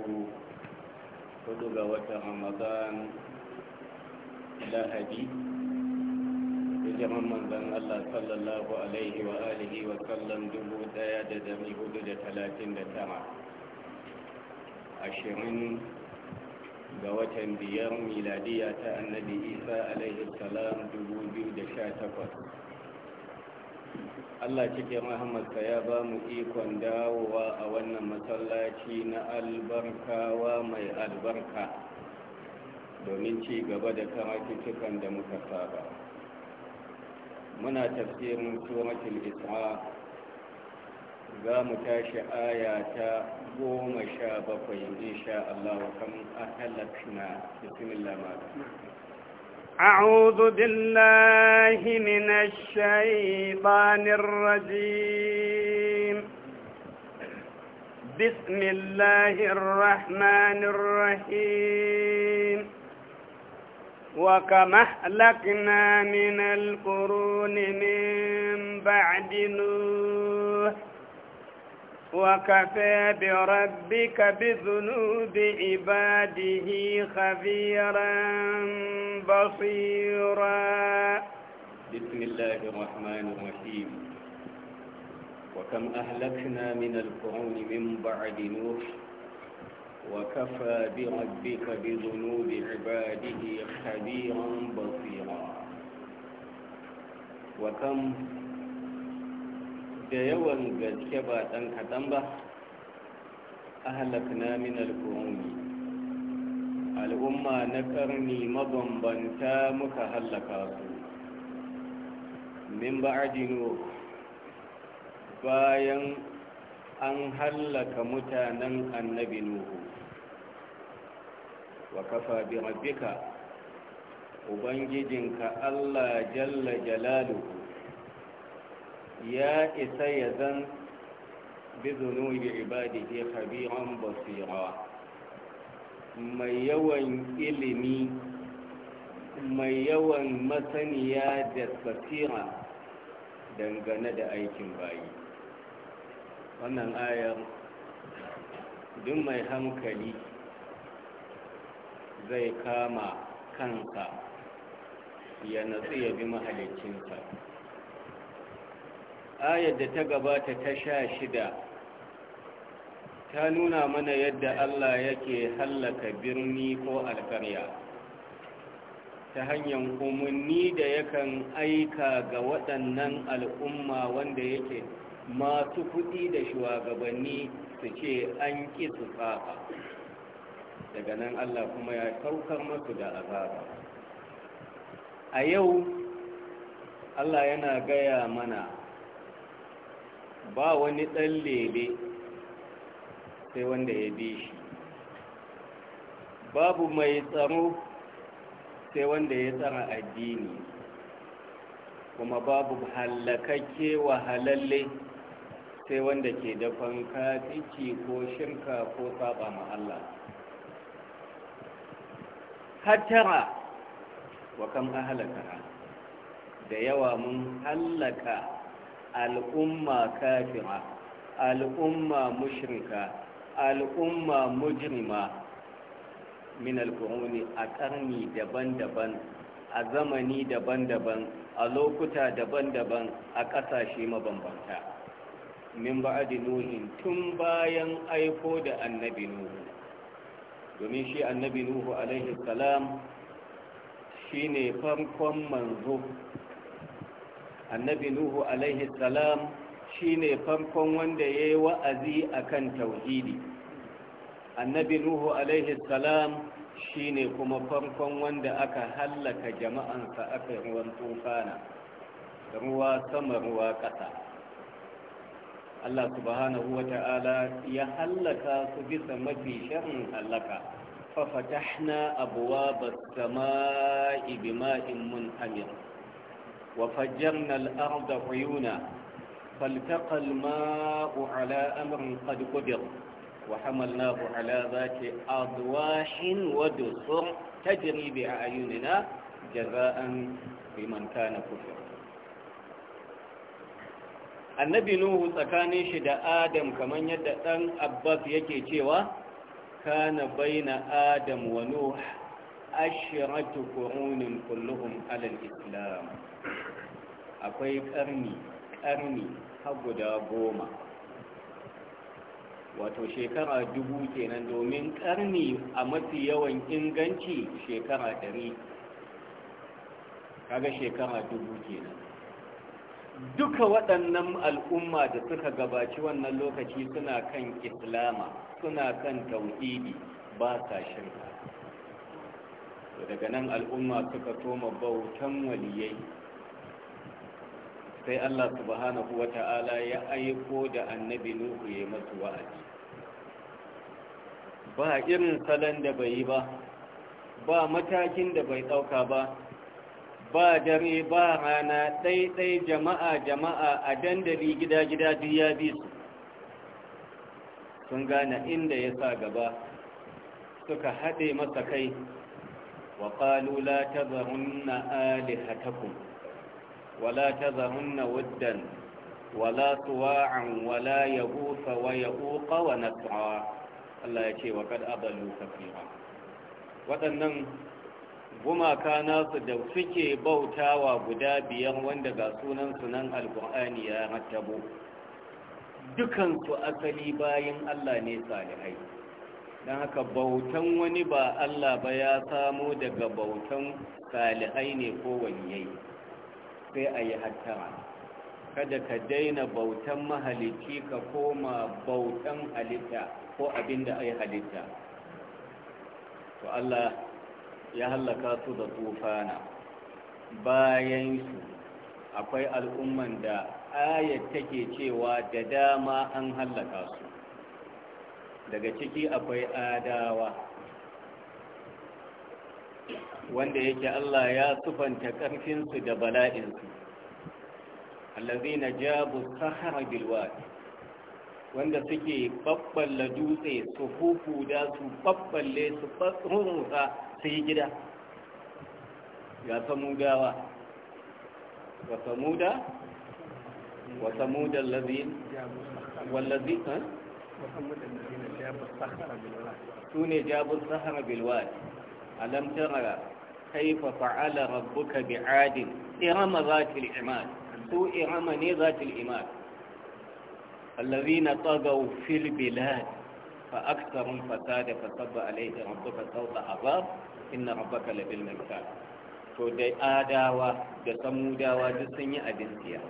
yau hudu ga watan ramadan lahadi hijiran manzan allah sallallahu alaihi wa alihi wa sallam dubu daya da dari hudu da talatin da tara ashirin ga watan biyar miladiya ta annabi isa alaihi salam dubu biyu da sha takwas Allah cikin rahamarka ya ba mu ikon dawowa a wannan masallaci na albarkawa mai albarka domin ci gaba da karatuttukan da muka saba muna tafsirin suratul isra za mu tashi aya ta goma sha bakwai insha Allah wa kam ahalakna bismillah أعوذ بالله من الشيطان الرجيم بسم الله الرحمن الرحيم وكم أهلكنا من القرون من بعد نوح وكفى بربك بذنوب عباده خبيرا بصيرا بسم الله الرحمن الرحيم وكم أهلكنا من القرون من بعد نوح وكفى بربك بذنوب عباده خبيرا بصيرا وكم da yawan gaske ba ɗan kaɗan ba a halakna min alkuhumi al'umma na ƙarni mabambanta muka halaka su min ba'adino bayan an hallaka mutanen annabi nuhu wa kafa bi rabbika ubangijinka allah jalla jalaluhu ya isa ya zan bi zunubi ibadihi khabiran basira mai yawan ilimi mai yawan masaniya da basira dangane da aikin bayi wannan ayar duk mai hankali zai kama kanka ya natsu ya bi mahalicinsa ayar da ta gabata ta sha shida ta nuna mana yadda Allah yake hallaka birni ko alkarya ta hanyar umarni da yakan aika ga waɗannan al'umma wanda yake masu kuɗi da shugabanni su ce an ƙi su tsafa daga nan Allah kuma ya saukar masu da azaba a yau Allah yana gaya mana ba wani ɗan lele sai wanda ya bi shi babu mai tsaro sai wanda ya tsara addini kuma babu halakake wa halalle sai wanda ke da fanka, ciki, ko shirka ko saba ma Allah hattara wa kam ahalaka da yawa mun hallaka al'umma kafira al'umma mushrika al'umma mujrima min alkuruni a ƙarni daban-daban a zamani daban-daban a lokuta daban-daban a ƙasashe mabambanta min ba'adi nuhin tun bayan aiko da annabi nuhu domin shi annabi nuhu alaihi salam shine farkon manzo annabi nuhu alaihi salam shine farkon wanda ya yi wa'azi a kan tauhidi annabi nuhu alaihi salam shine kuma farkon wanda aka hallaka jama'ansa aka ruwan tufana ruwa sama ruwa ƙasa Allah subhanahu wa ta'ala ya hallaka su bisa mafi shan hallaka fafatahna abuwa ba sama'i bima'in mun hamir وفجرنا الأرض عيونا فالتقى الماء على أمر قد قدر وحملناه على ذات أضواح ودسر تجري بأعيننا جزاء بمن كان كفر annabi nuhu tsakanin shi da adam kamar yadda ɗan abbas yake cewa kana baina adam wa nuh ashiratu qurunin kulluhun alal islam akwai ƙarni ƙarni har guda goma wato shekara dubu kenan domin ƙarni a mafi yawan inganci shekara dari kaga shekara dubu kenan duka waɗannan al'umma da suka gabaci wannan lokaci suna kan islama suna kan tauhidi ba sa shirka daga nan al'umma suka toma bautan waliyai sai Allah subhanahu wa ta'ala ya aiko da annabi Nuhu ya masu wa'azi ba irin salon da bai yi ba ba matakin da bai ɗauka ba ba dare ba rana ɗaiɗai jama'a jama'a a dandali gida-gida duk ya bi su sun gane inda ya sa gaba suka haɗe masa kai wa ƙalula ta zarunna alihatakun. ولا تذرن ودا ولا طواعا ولا يغوث ويؤوق ونسعا الله يشي وقد أضلوا كثيرا waɗannan gumaka nasu da suke bautawa guda biyar wanda ga sunan sunan alƙur'ani ya rattabo dukansu asali bayan Allah ne salihai don haka bautan wani ba Allah ba ya samo daga bautan salihai ne ko wani yayi sai a yi hattara kada ka daina bautan mahalicci ka koma bautan halitta ko abin da ai halitta to Allah ya hallaka su da tufana bayan su akwai al'umman da ayat take cewa da dama an hallaka su daga ciki akwai adawa wanda yake Allah ya sufanta ƙarfinsu da bala'insu allazina jabu sahara wanda suke babballa dutse su huku da su babballe su rurrusa su yi gida ya samudawa wa samuda wa samuda wallazi su ne jabun sahara bilwad a tara kaifa fa'ala rabbuka bi'adin irama zatil imad su irama ne zatil imad allazina tagaw fil bilad fa aktharun fasada fa sabba alayhi rabbuka sawta azab to dai adawa da samudawa duk sun yi abin siya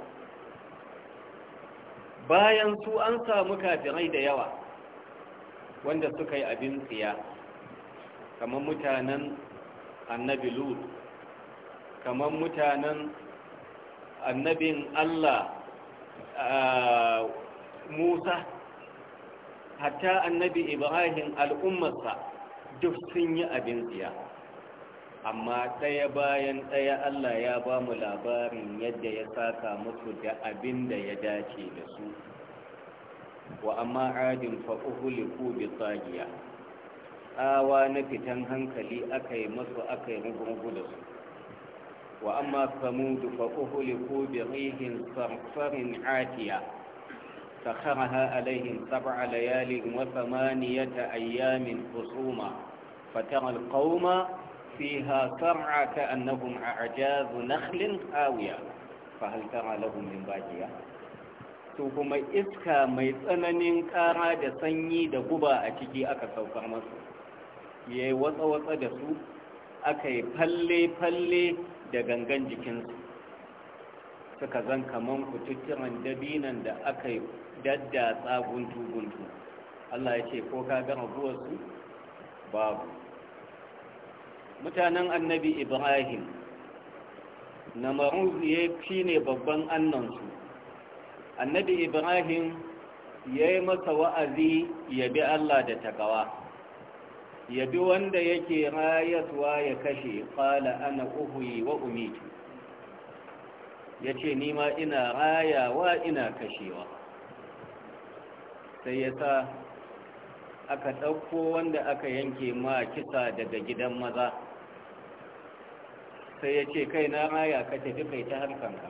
bayan su an samu kafirai da yawa wanda suka yi abin siya kamar mutanen annabi lut kamar mutanen annabin Allah Musa hatta annabi Ibrahim al'ummarsa duk sun yi abin tsiya amma ɗaya bayan ɗaya Allah ya ba mu labarin yadda ya saka musu da abin da ya dace da su wa amma adin fa'uhu liku bi tsagiya tsawa na fitan hankali aka yi masu aka yi rugu da su wa amma samudu fa uhliku bi rihin sarsarin atiya سخرها عليهم سبع ليال وثمانية أيام خصوما فترى القوم ta سرعى كأنهم أعجاز نخل آوية فهل ترى لهم من باجية to kuma iska mai tsananin ƙara da sanyi da guba a ciki aka saukar masu ya yi watsa-watsa da su aka yi falle-falle da gangan jikinsu suka zan kaman kututturan dabinan da aka yi daddatsa guntu-guntu Allah ya ce ko ka gama su babu mutanen annabi ibrahim na ya fi ne babban annansu annabi ibrahim ya yi masa wa'azi ya bi Allah da tagawa ya bi wanda yake rayatuwa ya kashe kala ana uhuyi wa umiti ya ce nima ina rayawa ina kashewa sai ya sa aka ɗauko wanda aka yanke ma kisa daga gidan maza sai ya ce kai na raya ka tafi kai ta harkanka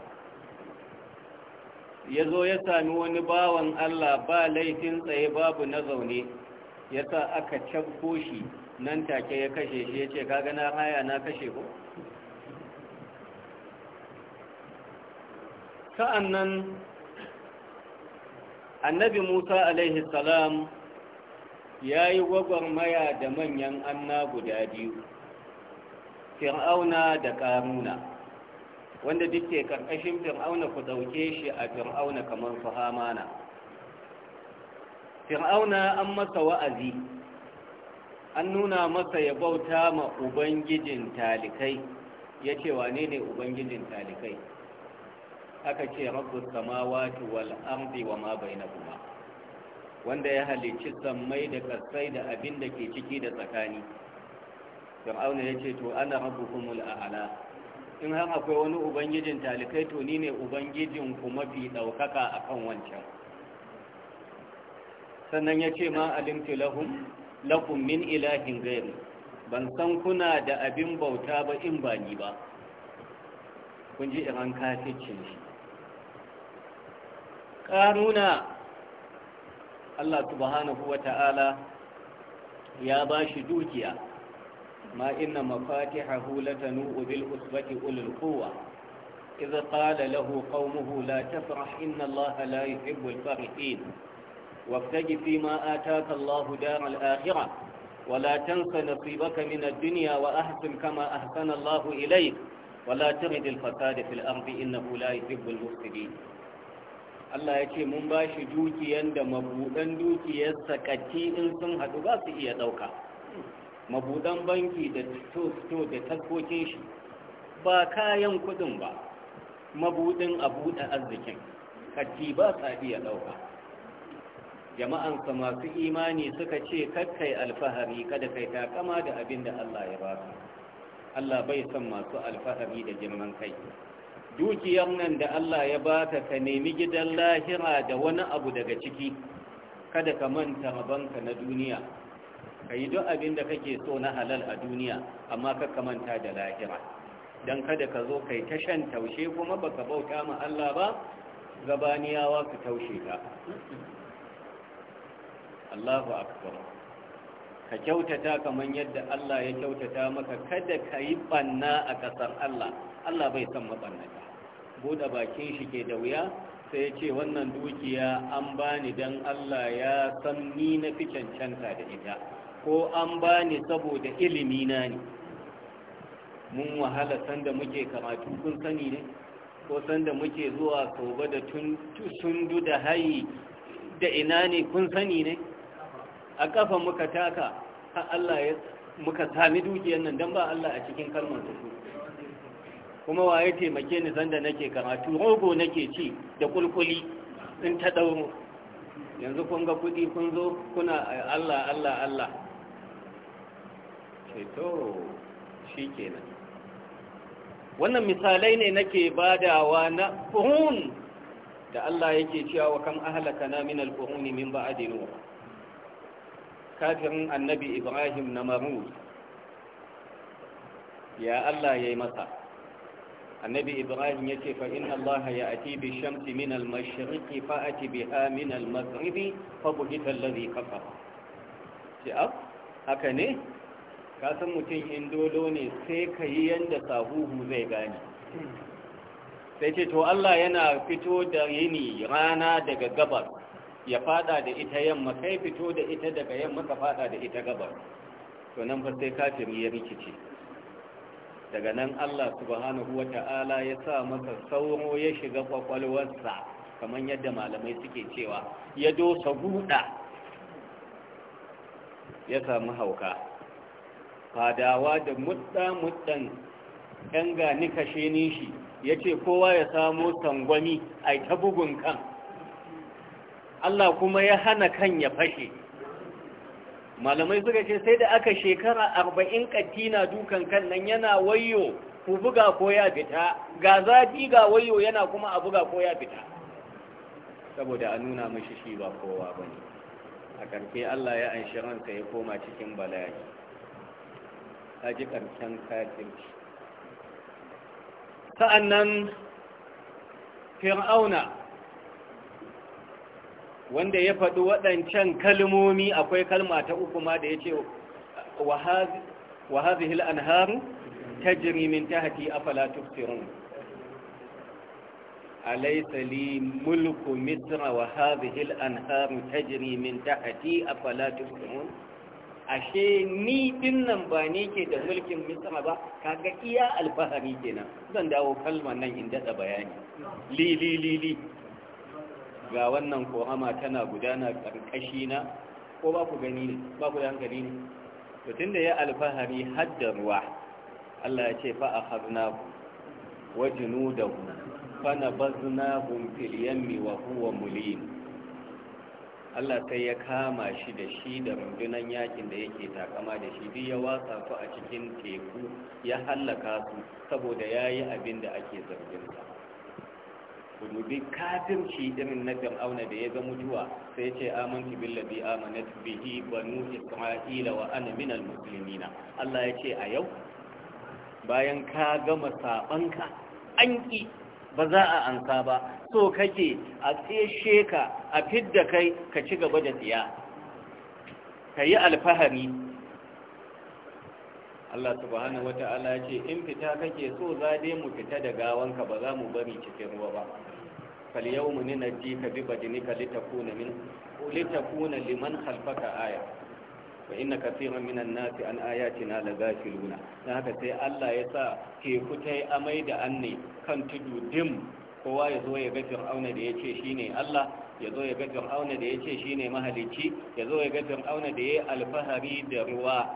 ya zo ya sami wani bawan Allah ba laifin tsaye babu na zaune ya sa aka cafko shi nan take ya kashe shi ya ce kaga na haya na kashe ko sa'annan annabi musa alaihi salam ya yi gwagwarmaya da manyan anna guda biyu fir'auna da ƙaruna wanda duk ke ƙarƙashin fir'auna ku ɗauke shi a fir'auna kamar fahamana hamana fir'auna an masa wa'azi an nuna masa ya bauta ma ubangijin talikai ya ce wane ne ubangijin talikai aka ce Rabu samawati wal ardi wa ma bai kuma. wanda ya halicci sammai da kasai da abin da ke ciki da tsakani fir'auna ya ce to ana rabu kuma a'la in har akwai wani ubangijin talikai to ni ne ubangijin ku mafi ɗaukaka a kan wancan sannan ya ce ma alimtu lahum lakum min ilahin gairi ban san kuna da abin bauta ba in ba ni ba kun ji iran kaficin shi ƙaruna Allah subhanahu wa ta'ala ya ba shi dukiya ma inna mafatihahu latanu bil usbati ulul kowa. idza qala lahu qaumuhu la tafrah inna Allah la وابتغ فيما آتاك الله دار الآخرة ولا تنس نصيبك من الدنيا وأحسن كما أحسن الله إليك ولا ترد الفساد في الأرض إنه لا يحب المفسدين Allah ya ce mun ba shi dukiyan da mabuɗan dukiyar sakati in sun haɗu ba su iya ɗauka Mabuɗan banki da to da taskokin shi ba kayan kuɗin ba Mabuɗin a buɗe arzikin kati ba sa iya ɗauka jama'ansa masu imani suka ce kakkai alfahari kada kai takama da abin da Allah ya baka Allah bai son masu alfahari da girman kai dukiyar nan da Allah ya baka ka nemi gidan lahira da wani abu daga ciki kada ka manta rabanka na duniya ka yi duk abin da kake so na halal a duniya amma ka manta da lahira don kada ka zo kai ta shan taushe kuma baka bauta ma Allah ba gabaniyawa ka taushe ka Allahu akbar ka kyautata kaman yadda Allah ya kyautata maka kada ka yi banna a kasar Allah Allah bai san mabannata bude bakin shi ke da wuya sai ce wannan dukiya an bani dan Allah ya san ni na fi cancanta da ita ko an bani saboda ilimi na ne mun wahala sanda muke kamatu kun sani ne ko sanda muke zuwa koba da tundu da hayi da ina ne kun sani ne a ƙafa muka taka har Allah ya muka sami dukiyar nan don ba Allah a cikin kalmar su kuma waye taimake ni zanda nake karatu rogo nake ci da kulkuli in ta ɗauro? yanzu kun ga kuɗi kun zo kuna Allah Allah Allah ceto shi kenan wannan misalai ne nake badawa na ƙuhun da Allah yake cewa wa kan ahalaka na min al-quruni min ba'di Kafin annabi ibrahim na marud ya allah ya yi masa annabi ibrahim ya ce fa'in allah ya ati bi shamsi min al-mashiriki fa'ati biha min al-maghribi fabuhitar lari kafa ce haka ne kasan mutum indolo ne sai ka yi yadda sahuhu zai gani sai ce to allah yana fito da yini rana daga gabar. ya fada da ita yamma kai fito da ita daga yamma ka fada da ita gabar to nan fa sai kafiri ya rikice daga nan Allah subhanahu wata'ala ya sa masa sauro ya shiga kwakwalwarsa kamar yadda malamai suke cewa ya dosa guda ya samu hauka fadawa da mudda-muddan ‘yan nika shi ya ce kowa ya samo tangwami a ta bugun kan Allah kuma ya hana kan ya fashe malamai suka ce sai da aka shekara arba'in katina dukan kan nan yana wayo ku buga ko ya fita ga zafi ga wayo yana kuma a buga ko ya fita saboda a nuna mashi shi ba kowa ba ne a ƙarfe Allah ya anshi ransa ya koma cikin bala'i ta ji kafin sa'an sa'annan fir'auna wanda ya faɗi waɗancan kalmomi akwai kalma ta uku ma da ya ce wa hazihil anharu tajri min a afala tufsirun A laisali mulku misra wa hazihil ta tajri min tahti afala tufsirun ashe ni nan ba ne ke da mulkin misra ba kaga iya alfahari kenan zan dawo kalma nan in dada bayani li li li li ga wannan kohama tana gudana karkashi na ko ba ku gani ne ba ku da hankali ne to tunda ya alfahari haddar ruwa Allah ya ce fa akhadnahu wa junudahu fa nabaznahum fil yammi wa huwa mulim Allah sai ya kama shi da shi da rundunan yakin da yake takama da shi duk ya watsa su a cikin teku ya hallaka su saboda yayi abin da ake zargin sa ku dubi shi irin na fir'auna da ya ga mutuwa sai ya ce amantu billazi amanat bihi banu isra'ila wa ana minal muslimina Allah ya ce a yau bayan ka gama sabanka an ki ba za a ansa ba so kake a tseshe ka a fidda kai ka ci gaba da tsiya ka yi alfahari Allah subhanahu wata'ala ce in fita kake so za dai mu fita da gawanka ba za mu bari cikin ruwa ba فاليوم ننجيك ببدنك لتكون من لتكون لمن خلفك آية فإن كثيرا من الناس عن آياتنا لغافلون هذا سي الله يسا كي كتاي أميد أني كان تدو دم kowa ya zo ya ga fir'auna da ya ce shi Allah ya zo ya ga fir'auna da ya ce shi mahalicci ya zo ya ga fir'auna da ya yi alfahari da ruwa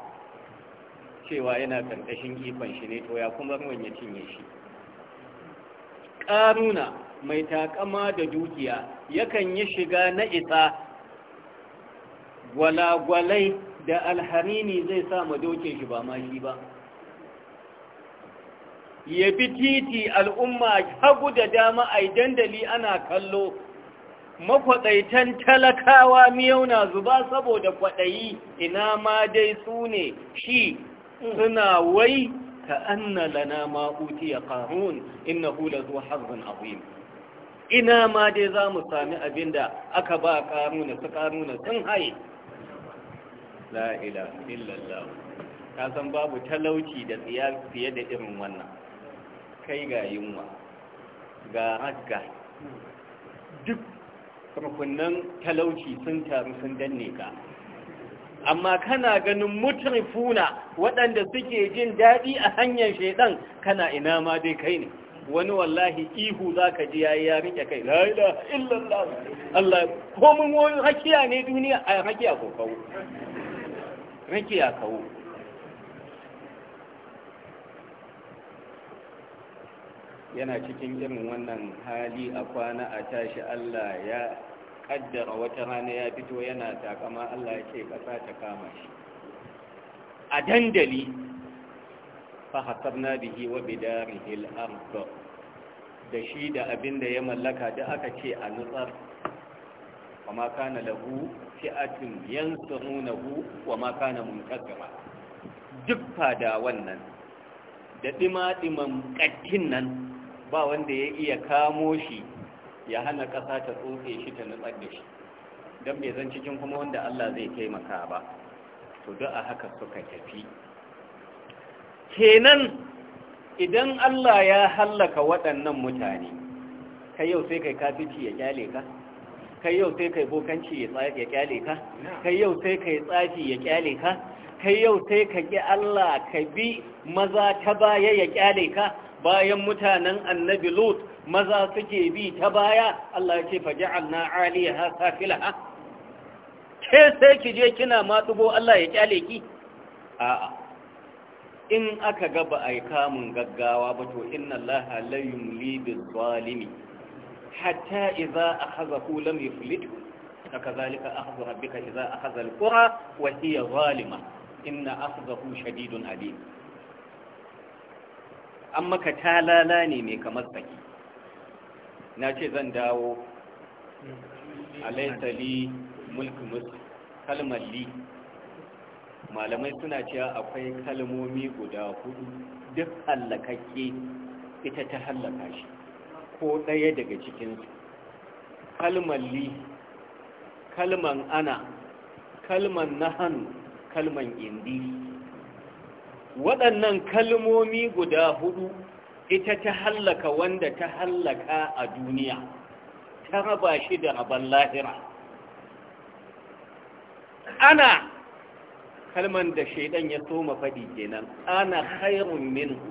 cewa yana karkashin ikon shi ne to ya kuma ruwan ya cinye shi ƙaruna mai taƙama da dukiya yakan yi shiga na isa gwalagwalai da alharini zai sa ma doke shi ba ma shi ba ya bi titi al'umma hagu da dama a dandali ana kallo Makwaɗaitan talakawa miyauna zuba saboda kwaɗayi ina ma dai su ne shi suna wai ka na lana ma in na hula zuwa harbin azim ina ma dai za mu sami abin da aka ba na su na sun haye la'ila illallah ta san babu talauci da fiye da irin wannan kai ga yunwa ga ragga duk rukunan talauci sun taru sun danne ka amma kana ganin Funa, waɗanda suke jin daɗi a hanyar shaidan kana ina ma dai kai ne wani wallahi ihu za ka ji yayi ya rike kai la ilaha illallah Allah ko mun wani hakiya ne duniya a hakiya ko kawo hakiya kawo yana cikin irin wannan hali a kwana a tashi Allah ya kaddara wata rana ya fito yana takama Allah ya ce kasa ta kama shi a dandali bihi wa bidarihil ard da shi da abin ya mallaka da aka ce a nutsar wa ma kana lahu fi'atin yansurunahu wa ma kana muntakama duk fada wannan da dima-diman nan ba wanda ya iya kamo shi ya hana kasa ta tsotse shi ta nutsar da shi don bai zan cikin kuma wanda Allah zai taimaka ba to duk a haka suka tafi kenan idan Allah ya hallaka waɗannan mutane kai yau sai kai kafici ya kyale ka kai yau sai kai bokanci ya kyale ka kai yau sai kai tsafi ya kyale ka kai yau sai ka ƙi Allah ka bi maza ta baya ya kyale ka bayan mutanen annabi Lut maza suke bi ta baya Allah ya ce faj'alna 'aliyaha safilaha ke sai ki je kina matsugo Allah ya kyale ki a'a in aka ga ba a yi kamun gaggawa ba to inna allaha la yumli zalimi hatta idza akhadhahu lam yuflid ka kazalika akhdhu rabbika idza akhadha al qura wa hiya zalima inna akhdahu shadidun alim amma ka talala ne mai kamar saki na ce zan dawo hmm. alaisali mulki musu kalmar li malamai suna cewa akwai kalmomi guda hudu duk hallakakke ita ta hallaka shi ko ɗaya daga cikinsu kalmar li kalman ana kalman nahan kalman indi waɗannan kalmomi guda hudu ita ta hallaka wanda ta hallaka a duniya ta raba shi da raban lahira ana kalman da shaidan ya soma faɗi kenan ana khairun minhu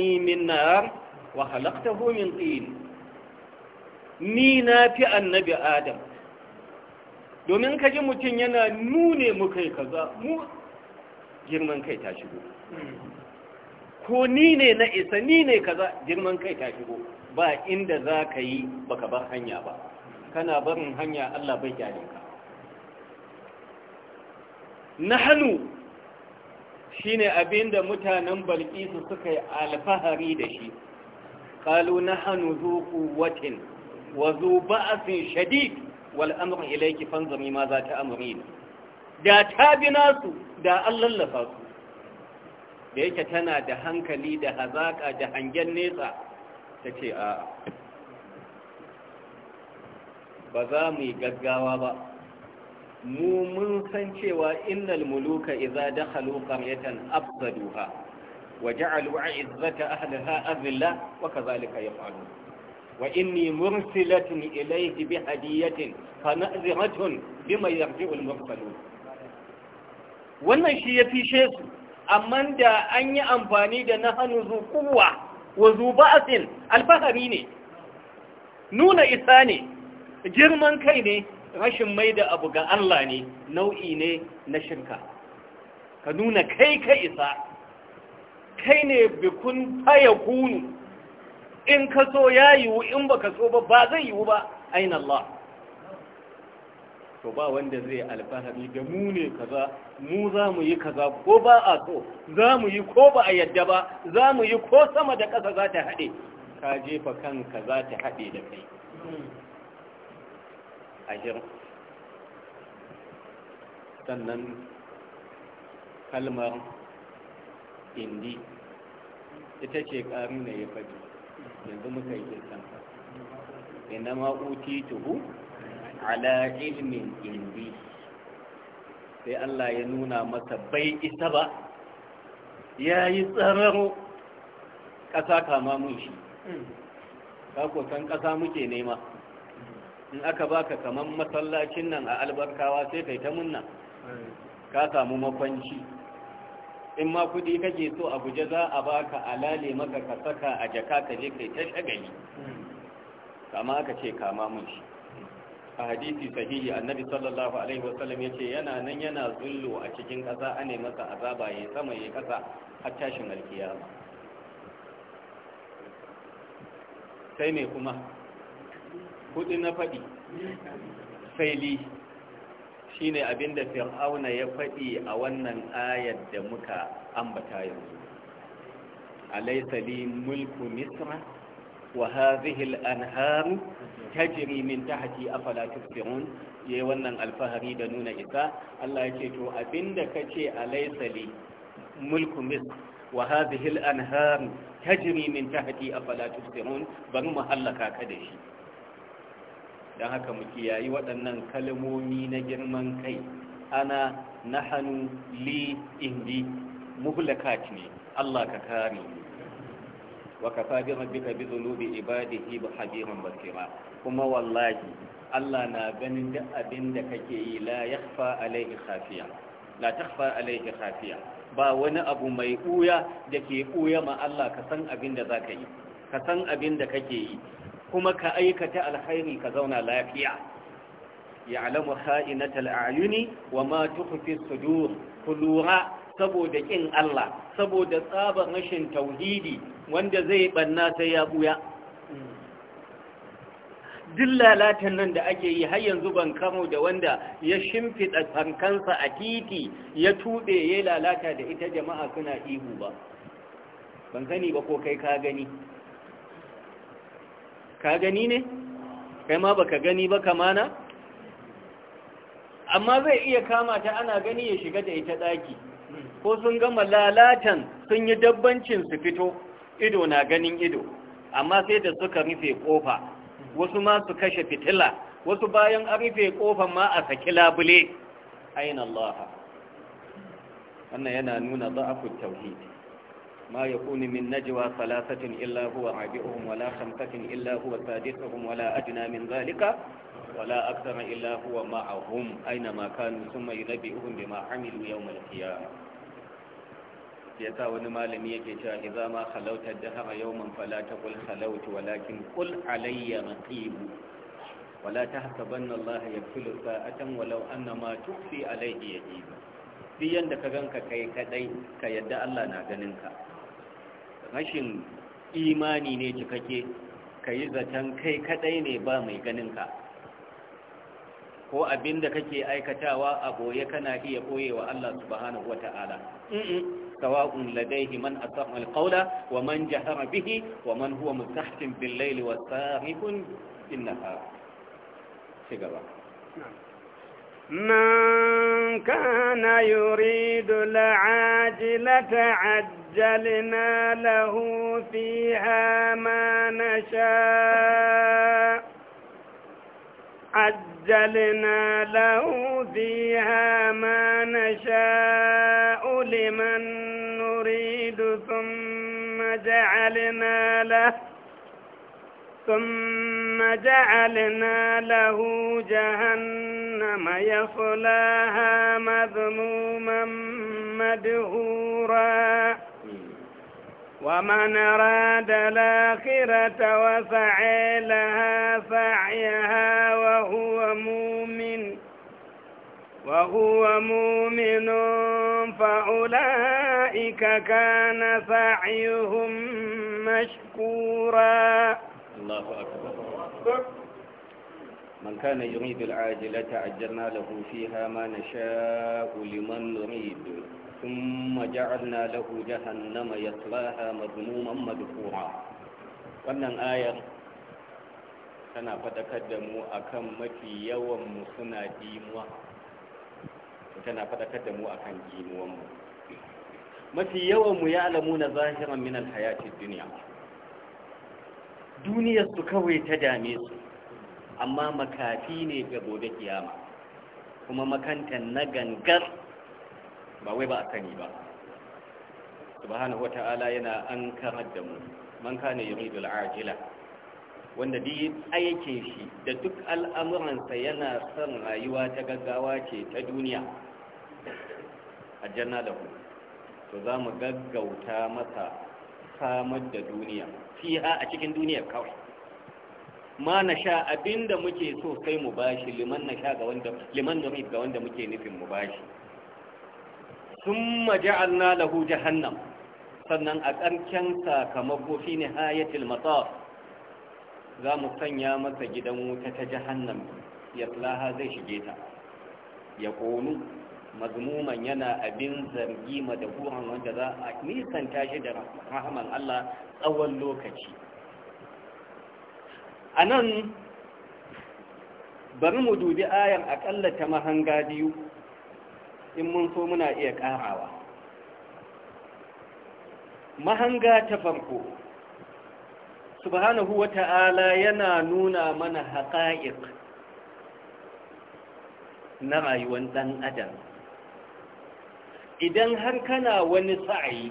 ni min nar wa halaktahu min tin ni na fi annabi adam domin kaji mutum yana nune mu kai kaza mu girman kai ta shigo ko ni ne na isa ni ne kaza girman kai ta shigo ba inda za ka yi baka bar hanya ba kana barin hanya Allah bai kyale ka nahanu shine abinda mutanen balkisu suka yi alfahari da shi qalu nahanu zu quwwatin wa zu ba'sin shadid wal amru ilayki ma za ta amrina da ta bi nasu da an su da yake tana da hankali da hazaƙa da hangen nesa ta ce a ba za mu yi gaggawa ba mu mun san cewa innal muluka idza dakhalu qaryatan afsaduha wa ja'alu 'izzata ahliha azilla wa kadhalika yaf'alun wa inni mursilatun ilayhi bi hadiyatin fa na'ziratun bima yarji'u al-mursalun wannan shi ya fishe su amma da an yi amfani da nahanu zuquwa wa zuba'atin alfahari ne nuna isa ne girman kai ne rashin mai da abu ga Allah ne nau'i ne na shirka ka nuna kai ka isa kai ne bikun faya kunu in ka so ya yiwu in ba ka so ba ba zai yiwu ba ainihin Allah to ba wanda zai alfahari da mu ne kaza mu za mu yi kaza ko ba a so za mu yi ko ba a yadda ba za mu yi ko sama da ƙasa za ta haɗe ka jefa kanka za ta haɗe da kai ashirin sannan kalmar indi ita ce ƙari na ya faɗi yanzu muka yi kirkan ina ma'uti tuhu ala ilmin indi sai Allah ya nuna masa bai isa ba ya yi tsararo ƙasa kama mun shi ka ƙasa muke nema in aka baka kaman masallacin nan a albarkawa sai kai ta munna ka samu makwanci in ma kudi kake so a guje za a baka alale maka ka saka a jaka ka je kai ta shagali kama aka ce kama mun shi a hadisi sahihi annabi sallallahu alaihi wasallam yace yana nan yana zullo a cikin kasa ane masa azaba yayin sama yayin kasa har tashin alkiyama sai ne kuma hudu na faɗi faili ne abinda fir'auna ya faɗi a wannan ayar da muka ambata yanzu alaysa li mulku misra wa hadhihi al-anhar tajri min tahti afala tusbirun yayi wannan alfahari da nuna isa Allah ya ce to abinda kace alaysa li mulku misra wa hadhihi al-anhar tajri min tahti afala tusbirun bari mu hallaka ka da shi don haka mu kiyayi waɗannan kalmomi na girman kai ana nahanu li indi muhlakat ne Allah ka kare mu wa kafa bi rabbika bi dhunubi ibadihi habiran basira kuma wallahi Allah na ganin duk abin da kake yi la yakhfa alayhi khafiya la takhfa alayhi khafiya ba wani abu mai kuya da ke kuya ma Allah ka san abin da zaka yi ka san abin da kake yi kuma ka aikata alkhairi ka zauna lafiya alamu kha'inatal a'yuni wa ma tukhfi sudur kulura saboda ƙin Allah saboda tsabar rashin tauhidi wanda zai banna sai ya buya duk lalatan nan da ake yi har yanzu ban kamo da wanda ya shimfiɗa fankansa a titi ya tuɓe ya lalata da ita jama'a suna ihu ba ban sani ba ko kai ka gani ka gani ne kai ma baka gani ba kamana amma zai iya kama ta ana gani ya shiga da ita daki ko sun gama lalatan sun yi dabbancin su fito ido na ganin ido amma sai da suka rufe kofa wasu ma su kashe fitila wasu bayan a rufe kofan ma a saki labule ainihin Allah wannan yana nuna za'afut tauhidi ما يكون من نجوى ثلاثة إلا هو رابعهم ولا خمسة إلا هو سادسهم ولا أدنى من ذلك ولا أكثر إلا هو معهم أينما كانوا ثم ينبئهم بما عملوا يوم القيامة yasa wani malami yake cewa idza ma khalauta dahara yawman fala taqul khalautu walakin qul alayya raqib wala tahsabanna Allah yakfulu sa'atan walau annama tukhfi alayhi yajib duk yanda ka ganka kai kadai ka yadda Allah na ganin ka rashin imani ne cikakke ka yi zaton kai kadai ne ba mai ganinka ko abin da kake aikatawa a boye kana iya wa Allah subhanahu wata'ala sawa'un ladaihi man asama alqawla wa man jahara bihi wa man huwa mustahsin bil layli was innaha ci من كان يريد العاجلة عجلنا له فيها ما نشاء عجلنا له فيها ما نشاء لمن نريد ثم جعلنا له ثم جعلنا له جهنم يصلاها مذموما مدهورا ومن أراد الآخرة وسعى لها سعيها وهو مؤمن وهو مؤمن فأولئك كان سعيهم مشكورا الله أكبر من كان يريد العاجلة عجلنا له فيها ما نشاء لمن نريد ثم جعلنا له جهنم يصلاها مذموما مدحورا wannan ayar tana faɗakar da mu akan mafi yawan suna dimuwa tana da mu mafi yawanmu ya alamu na zahiran minan alhayatid duniya su kawai ta dame su amma makafi ne ga gobe kiyama kuma makantan na gangar ba wai ba a sani ba subhanahu wa ta'ala yana an karar da mu man kana yuridu la'ajila, wanda duk aikin shi da duk al'amuransa yana son rayuwa ta gaggawa ce ta duniya aljanna ku, to za mu gaggauta masa samar da duniya fiha a cikin duniyar kawai ma na sha abinda muke so sai mu bashi liman na sha ga wanda liman ga wanda muke nufin mu bashi thumma na lahu jahannam sannan a ƙarken sakamako shine hayatul matar za mu sanya masa gidan wuta ta jahannam ya zai shige ta ya ƙonu mazmuman yana abin zargi madahuran wanda za a nisanta shi da rahaman Allah tsawon lokaci a nan bari mu dubi ayar akalla ta mahanga biyu in mun so muna iya karawa mahanga ta farko subhanahu wa ta'ala yana nuna mana haƙa'iƙ na rayuwar ɗan adam idan har kana wani sa'ayi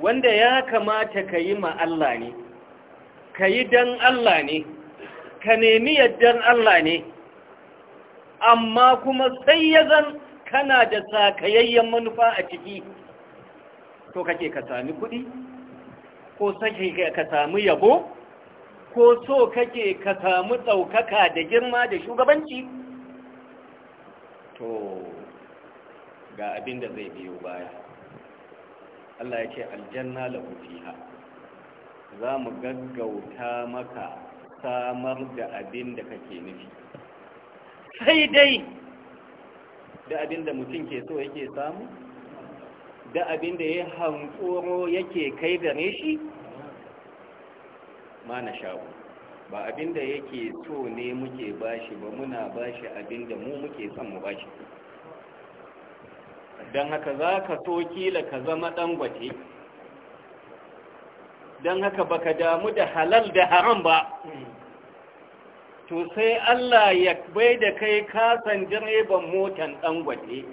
wanda ya kamata ka yi ma Allah ne ka yi don Allah ne ka nemi yaddan Allah ne amma kuma sai ya zan kana da sakayayyen manufa a ciki to kake ka sami kuɗi ko sake ka sami yabo ko so kake ka sami ɗaukaka da girma da shugabanci to ga abin da zai biyo baya Allah ya ce aljanna la fiha za mu gaggauta maka samar da abin da kake nufi sai dai da abin da mutum ke so yake samu da abin da ya hankoro yake kai da shi ma na sha'u ba abin da yake so ne muke bashi ba muna bashi abin da mu muke son mu bashi don haka za ka so kila ka zama dangote don haka baka damu da halal da haram ba to sai Allah ya bai da kai kasan direban motan dangote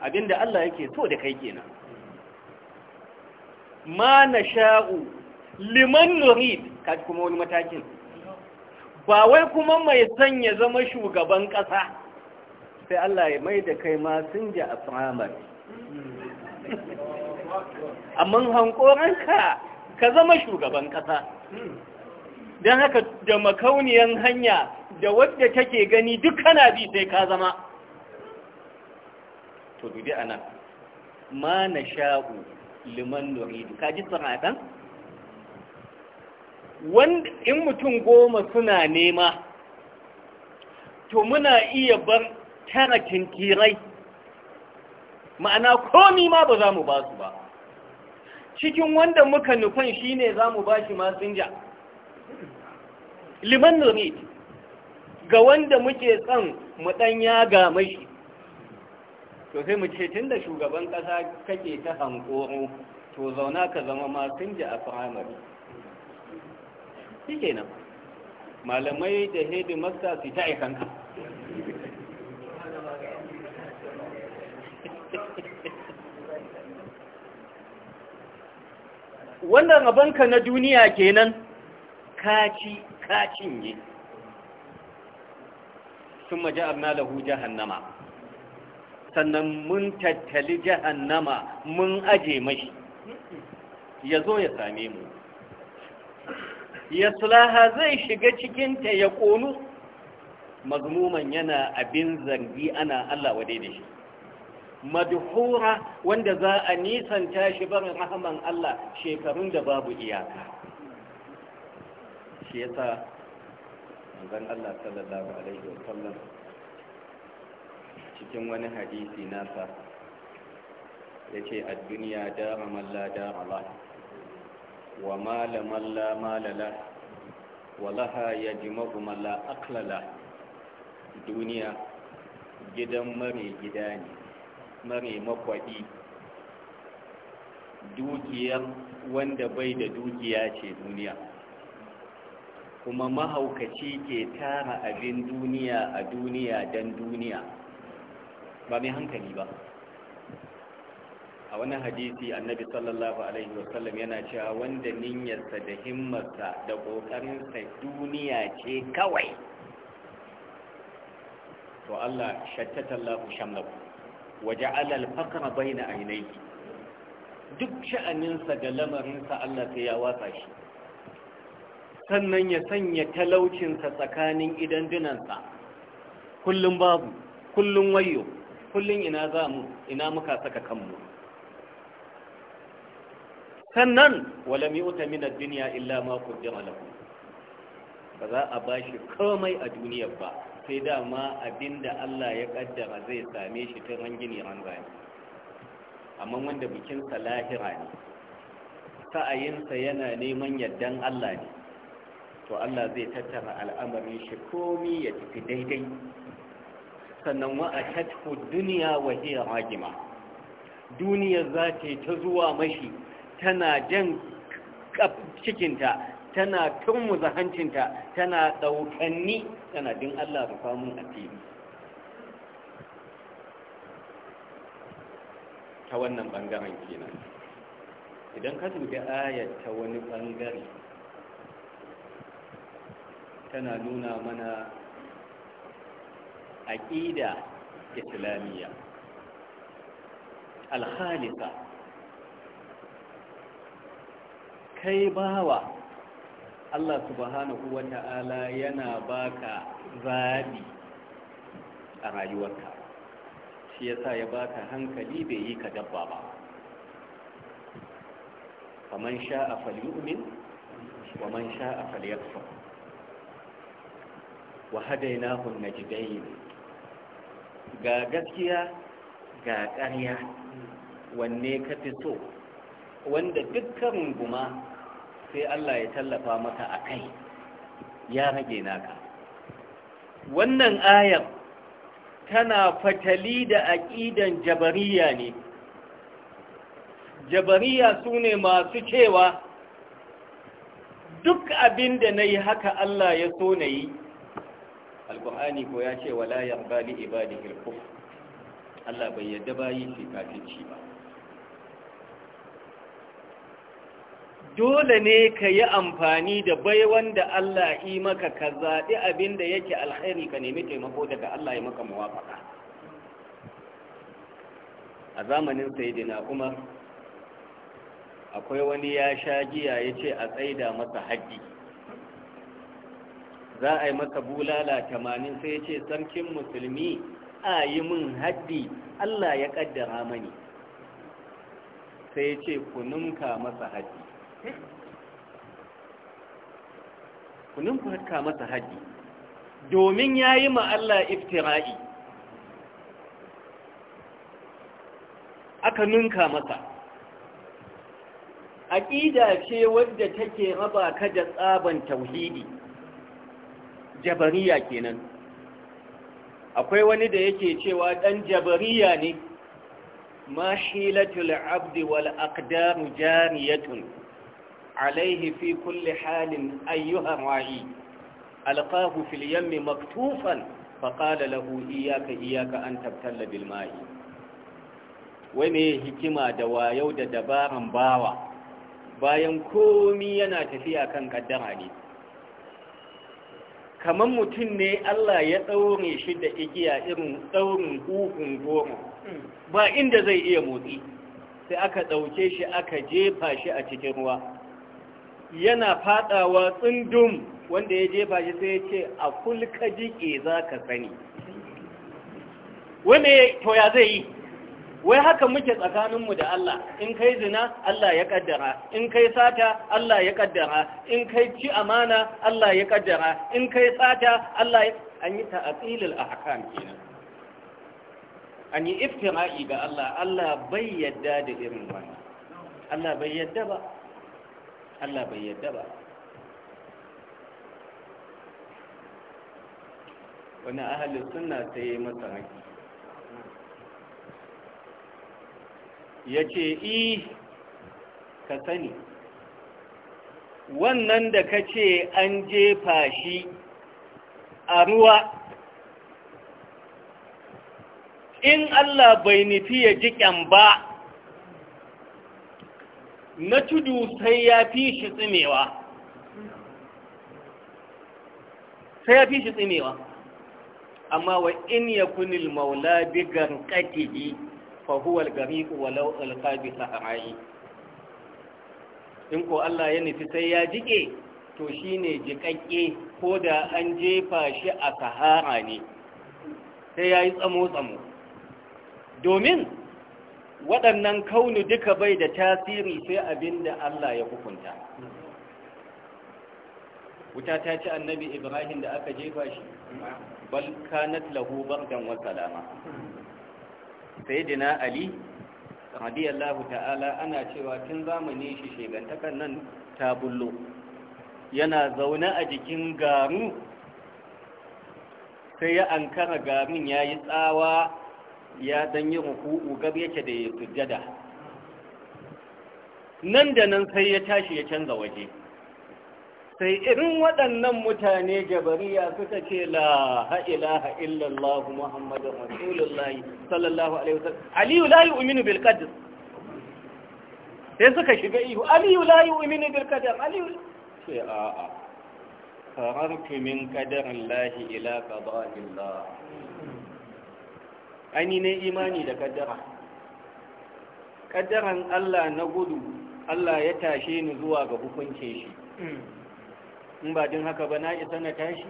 abinda Allah yake so da kai kenan ma na sha'u liman nurid kaji kuma wani matakin ba wai kuma mai son ya zama shugaban ƙasa sai Allah ya mai da kai ma sun ji a firamare amma hankoranka ka zama shugaban kasa don haka da makauniyan hanya da wadda take gani duk kana bi sai ka zama to dubi ana ma na sha'u liman nuridu ka ji tsiraɗan in mutum goma suna nema to muna iya bar tara kinkirai ma'ana komi ma ba za mu ba su ba cikin wanda muka nufan shi ne za mu ba shi ja liman nurid ga wanda muke son mu ɗan yaga mashi to sai mu ce tun da shugaban kasa kake ta hankoro to zauna ka zama ja a firamare shi kenan malamai da hedimasta su ta wannan rabonka na duniya kenan kaci kacin yi sun maji abna lahu hannama. sannan mun tattali jahannama mun aje mashi ya zo ya same mu ya sulaha zai shiga cikinta ya ƙonu mazmuman yana abin zargi ana Allah wa daidai shi madhura wanda za a nisanta shi barin rahaman Allah shekarun da babu iyaka shi yasa manzon Allah sallallahu alaihi wa sallam cikin wani hadisi nasa Ya ce a duniya dara man dara la wa mala man la mala la wa laha yajma'u man la aqla duniya gidan mare gida ne mare makwaɗi dukiyar wanda bai da dukiya ce duniya kuma mahaukaci ke tara abin duniya a duniya don duniya ba mai hankali ba a wani hadisi annabi sallallahu alaihi wasallam yana cewa wanda niyyarsa da himmarsa da ƙoƙarinsa duniya ce kawai to Allah shattata Allah waje alal fakara bai na ainihi duk sha'aninsa da lamarinsa Allah sai ya watsa shi sannan ya sanya talaucinsa tsakanin idan dunansa kullum babu kullum wayo kullum ina za mu ina muka saka kanmu sannan wala mi'uta min ad illa ma jama'a ba za a bashi komai a duniyar ba sai dama abinda Allah ya kaddara zai same shi ta rangini ranzani. amma wanda bikinsa lahira ne sa'ayinsa yana neman yardan Allah ne to Allah zai tattara al'amarin shi komi ya tafi daidai sannan wa a duniya wa hiya ragima duniya za ta ta zuwa mashi tana jan cikinta tana turmuza hancinta tana ɗaukanni tana din Allah rufa famu a fili ta wannan ɓangaren kenan idan ka dubi ayar ta wani ɓangare tana nuna mana aƙida islamiyya alhalisa kai bawa Allah subhanahu wa ta'ala yana baka zabi a rayuwarka shi sa ya baka hankali bai yi ka dabba ba faman sha'a falyu'min wa man sha'a falyakfur wa hadainahu najdayn ga gaskiya ga ƙarya wanne ka fi so wanda dukkan guma sai Allah ya tallafa maka a kai ya rage naka wannan ayar tana fatali da aƙidan jabariya ne jabariya su ne masu cewa duk abin da na yi haka Allah ya so na yi alƙuhani ko ya ce wala yarda li ibadihi al Allah bai yadda bayi fi kafirci ba dole ne ka yi amfani da bai wanda Allah yi maka ka zaɓi abin da yake alkhairi ka nemi taimako daga Allah ya maka mawafaka a zamanin sayidina umar akwai wani ya sha giya ya ce a tsaida masa haji za a yi maka bulala tamanin sai ya ce sarkin musulmi a yi min haddi Allah ya ƙaddara mani sai ya ce ku masa haddi. ku numfarka masa haji domin ya yi Allah iftira'i aka ninka masa aƙida ce wadda take raba ka da tsaban tauhidi jabariya kenan akwai wani da yake cewa ɗan jabariya ne Mashilatul abdi wal aqdamu jariyatun عليه في كل حال أيها الرعي ألقاه في اليم مكتوفا فقال له إياك إياك أن تبتل بالماء wane hikima da يود da dabaran bawa bayan komi yana tafiya kan kaddara ne kamar mutum ne Allah ya ɗaure shi da igiya irin daurin hukun goma ba inda zai iya motsi sai aka ɗauke shi aka jefa shi a cikin ruwa yana fadawa tsundum wanda ya jefa shi sai ya ce a kulka jike za ka sani wane to ya zai yi wai haka muke tsakaninmu da Allah in kai zina Allah ya kaddara in kai sata Allah ya kaddara in kai ci amana Allah ya kaddara in kai sata Allah ya an yi a hakan kenan an yi iftira'i ga Allah Allah bai yadda da irin wani Allah bai yadda ba Allah bai yadda ba wani ahalin suna ta yi masa haƙi ya ce i ka sani wannan da ka ce an jefa shi a ruwa in Allah bai nufi ya ji ba na tudu sai ya fi shi tsimewa sai ya fi shi tsimewa amma wa in ya kunil maula bigan katihi fa gari al-gariqu walau alqabi in ko Allah ya nufi sai ya jike to shi ne jikakke ko da an jefa shi a sahara ne sai ya yi tsamo tsamo domin waɗannan kaunu duka bai da tasiri sai abin da Allah ya hukunta wuta ta ci annabi ibrahim da aka jefa shi bal kanat lahu bardan ali radiyallahu ta'ala ana cewa tun zamani shi shegantakan nan ta bullo yana zaune a jikin garu sai ya ankara garin ya yi tsawa ya dan yi ruku'u gab yake da ya sujjada nan da nan sai ya tashi ya canza waje sai irin waɗannan mutane jabariya suka ce la ha'ilaha illallah Muhammadu rasulullahi sallallahu alaihi wasallam aliyu la yu'minu bil qadr sai suka shiga ihu aliyu la yu'minu bil qadr aliyu sai a a farartu min qadarin lahi ila qada'illah ani ne imani da kaddara kaddaran Allah na gudu Allah ya tashe ni zuwa ga hukunce shi in ba din haka ba na isa na tashi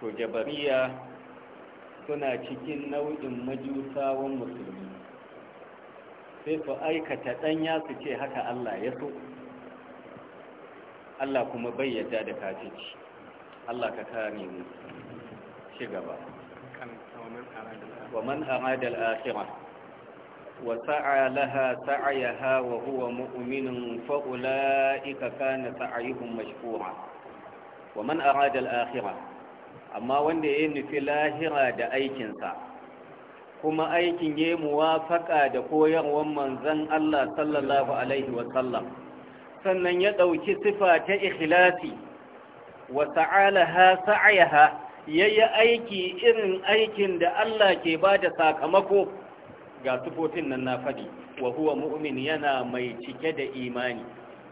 to jabariya suna cikin nau'in majusawan musulmi sai su aikata ɗanya su ce haka Allah ya so Allah kuma bayyada da kafici Allah ka kare mu shi gaba ومن uwa الآخرة وسعى لها سعيها وهو مؤمن فأولئك كان سعيهم مشكورا ومن أراد الآخرة amma wanda ya nufi lahira da aikinsa kuma aikin ya muwafaka da koyarwar manzon Allah sallallahu alaihi wa sallam sannan ya dauki sifa ta ikhlasi wa ta'ala ha ya yi aiki irin aikin da Allah ke ba da sakamako ga tufofin nan na faɗi wa huwa mu'min yana mai cike da imani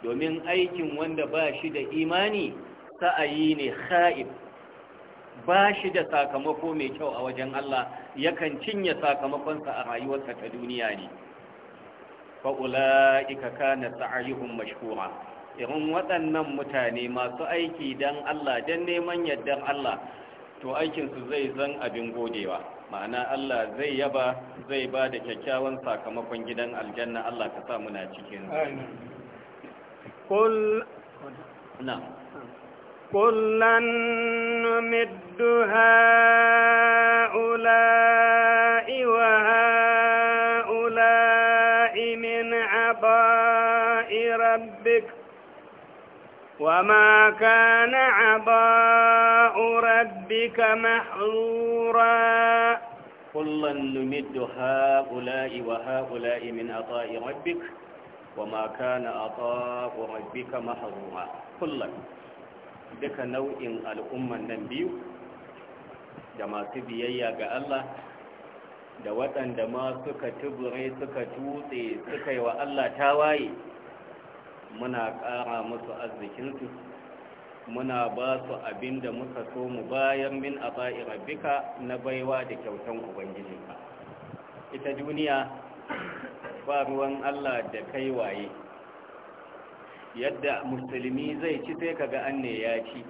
domin aikin wanda ba shi da imani sa'ayi ne kha'ib ba shi da sakamako mai kyau a wajen Allah yakan cinye sakamakonsa a rayuwarsa ta duniya ne fa'ula'ika kana sa'ayihun mashkura irin waɗannan mutane masu aiki don Allah don neman yardar Allah to aikinsu zai zan abin godewa ma'ana Allah zai yaba zai ba da kyakkyawan sakamakon gidan aljanna Allah ka sa muna cikin Kullan نعم وما كان عباء ربك محظورا كلا نمد هؤلاء وهؤلاء من عطاء ربك وما كان عطاء ربك محظورا كلا duka nau'in al'umman nan biyu da masu biyayya ga Allah da waɗanda ma suka tubure suka tutse suka yi wa Allah tawaye muna ƙara musu arzikinsu muna ba su abin da muka so mu bayan min a ba'i na baiwa da kyautan ubangijinka ita duniya ba ruwan allah da kai waye yadda musulmi zai ci sai kaga an ne ya ci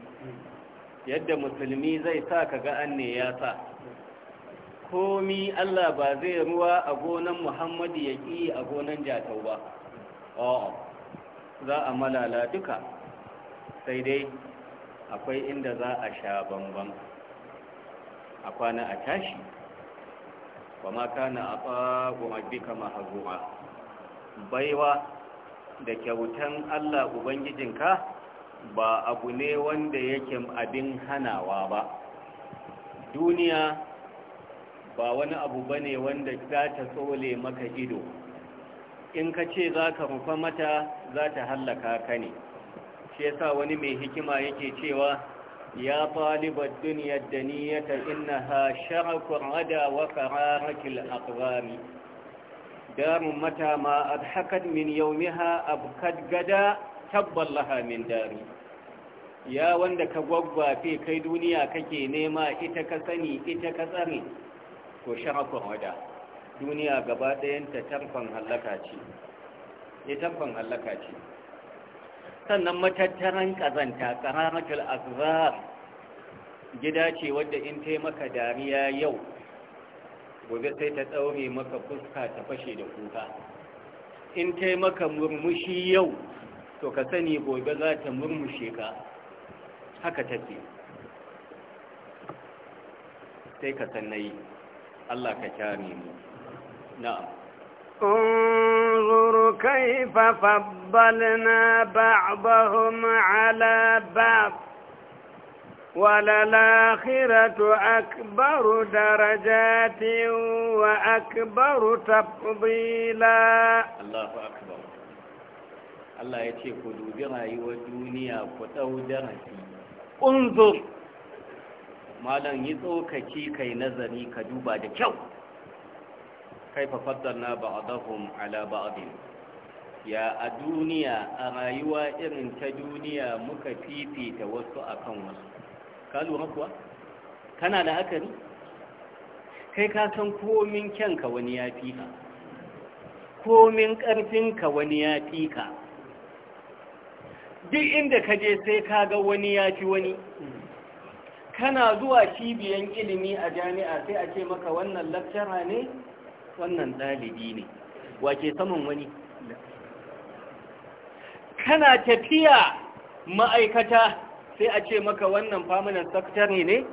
yadda musulmi zai sa kaga an ne ya sa komi allah ba zai ruwa a gonan muhammadu ya ƙi a gonan jatau ba za a malala duka sai dai akwai inda za a sha bambam a kwana a tashi ba ma kana a ɓago duka mahazuwa baiwa da kyautan allah ubangijinka ba abu ne wanda yake abin hanawa ba duniya ba wani abu bane wanda za ta tsole maka ido in ka ce za ka rufa mata za ta hallaka ka ne shi yasa wani mai hikima yake cewa ya talibar duniyar da niyyata inna ha sharakun rada wa kararakil akwari Darin mata ma adhakat min yaumiha abkad gada tabballaha min dari ya wanda ka gwaggwafe kai duniya kake nema ita ka sani ita ka tsare ko sharakun rada duniya gaba ɗayanta tamfan hallaka ce ya eh, tamfan hallaka ce sannan matattaran ƙazanta ƙararrakil azhar gida ce wadda in ta maka dariya yau gobe sai ta tsaure maka fuska ta fashe da kuka in ta maka murmushi yau to ka sani gobe za ta murmushe ka haka take sai ka sannayi Allah ka kyare mu انظر كيف فضلنا بعضهم على بعض وللآخرة أكبر درجات وأكبر تفضيلا الله أكبر الله يتيك دوبرا ودنيا فتو درجي انظر ما لن يتوكي كي نظري كدوبا دكو كيف فضلنا بعضهم على بعض يا الدنيا أرايوا إرن تدنيا wasu. توسو أكون وسو قالوا هكوا da haka ne? kai ka san komin kyanka wani ya fi ka komin ƙarfinka wani ya fi ka duk inda ka je sai ka ga wani ya fi wani kana zuwa cibiyan ilimi a jami'a sai a ce maka wannan lakcara ne wannan dalibi ne ke saman wani kana tafiya ma'aikata sai a ce maka wannan famunan sakatare ne